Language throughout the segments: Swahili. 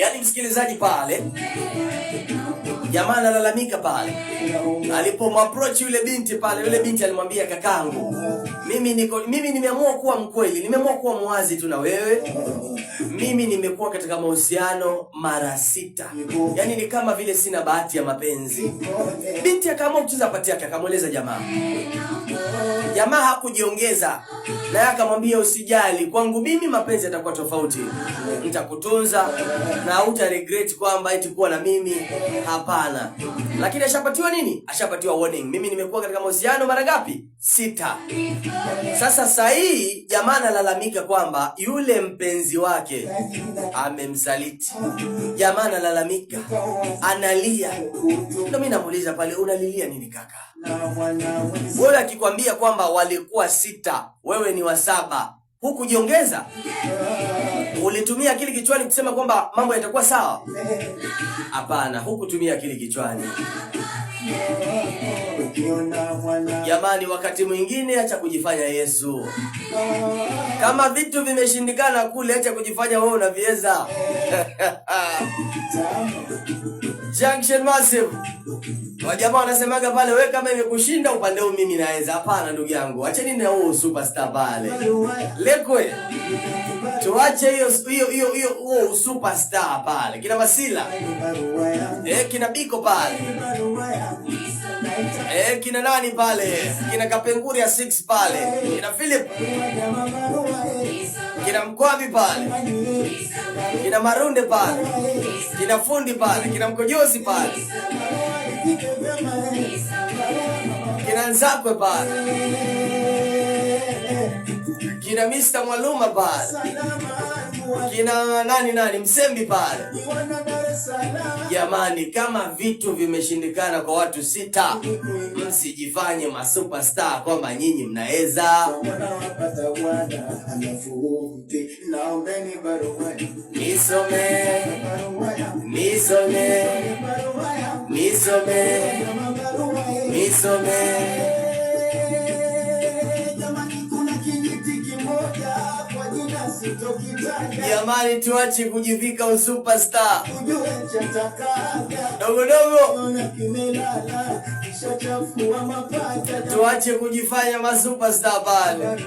yaani msikilizaji pale Jamaa analalamika pale, alipomapproach yule binti pale, yule binti alimwambia kakangu, mimi niko mimi nimeamua kuwa mkweli, nimeamua kuwa mwazi tu na wewe. Mimi nimekuwa katika mahusiano mara sita, yaani ni kama vile sina bahati ya mapenzi. Binti akaamua kucheza pati yake, akamweleza jamaa. Jamaa hakujiongeza naye akamwambia, usijali, kwangu mimi mapenzi yatakuwa tofauti, nitakutunza na hauta regret kwamba itakuwa na mimi hapa sana, lakini ashapatiwa nini? Ashapatiwa warning. Mimi nimekuwa katika mahusiano mara ngapi? Sita. Sasa sahii jamaa analalamika kwamba yule mpenzi wake amemsaliti. Jamaa analalamika, analia. Ndio mimi namuuliza pale, unalilia nini kaka? Wewe akikwambia kwamba walikuwa sita, wewe ni wa saba, hukujiongeza Ulitumia akili kichwani kusema kwamba mambo yatakuwa sawa? Hapana, hukutumia akili kichwani. Jamani, wakati mwingine acha kujifanya Yesu. Kama vitu vimeshindikana kule, acha kujifanya wewe unaviweza. Eh. Junction Massive. Wajamaa wanasemaga pale we kama imekushinda upande huu mimi naweza. Hapana ndugu yangu. Acheni na huo superstar pale. Lekwe. Tuache hiyo hiyo hiyo hiyo huo superstar pale. Kina Masila Eh, kina Biko pale. Eh, kina nani pale? Kina Kapenguri ya 6 pale. Kina Philip kina Mkwabi pale, kina Marunde pale, kina Fundi pale, kina Mkojozi pale, kina Nzakwe pale kina Mr. Mwaluma pale, kina nani nani Msembi pale. Jamani, kama vitu vimeshindikana kwa watu sita, msijifanye superstar kwamba nyinyi mnaweza. Nisome, nisome, nisome, nisome Jamani, tuache kujivika dogo dogodogo, tuache kujifanya masupastar pale.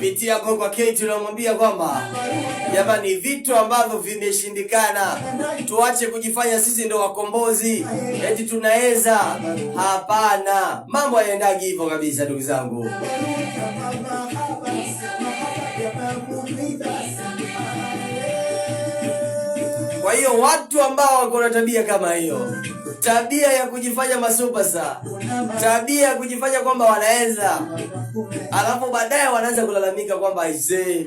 Pitia hapo kwa Kate, unamwambia kwamba jamani, vitu ambavyo vimeshindikana, tuache kujifanya sisi ndo wakombozi eti tunaweza. Hapana, mambo hayaendagi hivyo kabisa, ndugu zangu. Bye-bye. Kwa hiyo watu ambao wako na tabia kama hiyo, tabia ya kujifanya masupasa, tabia ya kujifanya kwamba wanaweza, alafu baadaye wanaanza kulalamika kwamba aisee,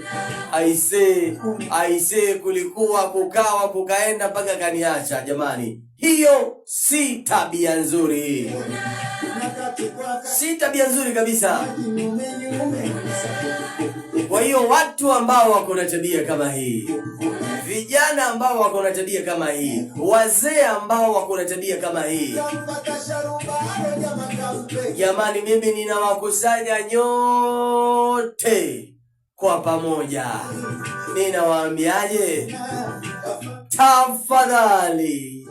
aisee, aisee, kulikuwa kukawa kukaenda mpaka kaniacha. Jamani, hiyo si tabia nzuri, si tabia nzuri kabisa. Kwa hiyo watu ambao wako na tabia kama hii vijana ambao wako na tabia kama hii, wazee ambao wako na tabia kama hii. Jamani, mimi ninawakusanya nyote kwa pamoja, ninawaambiaje? Tafadhali,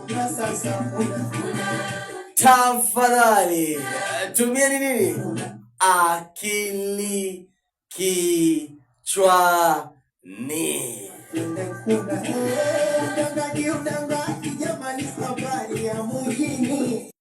tafadhali tumieni nini, akili kichwani. Eu não dang, eu não dang,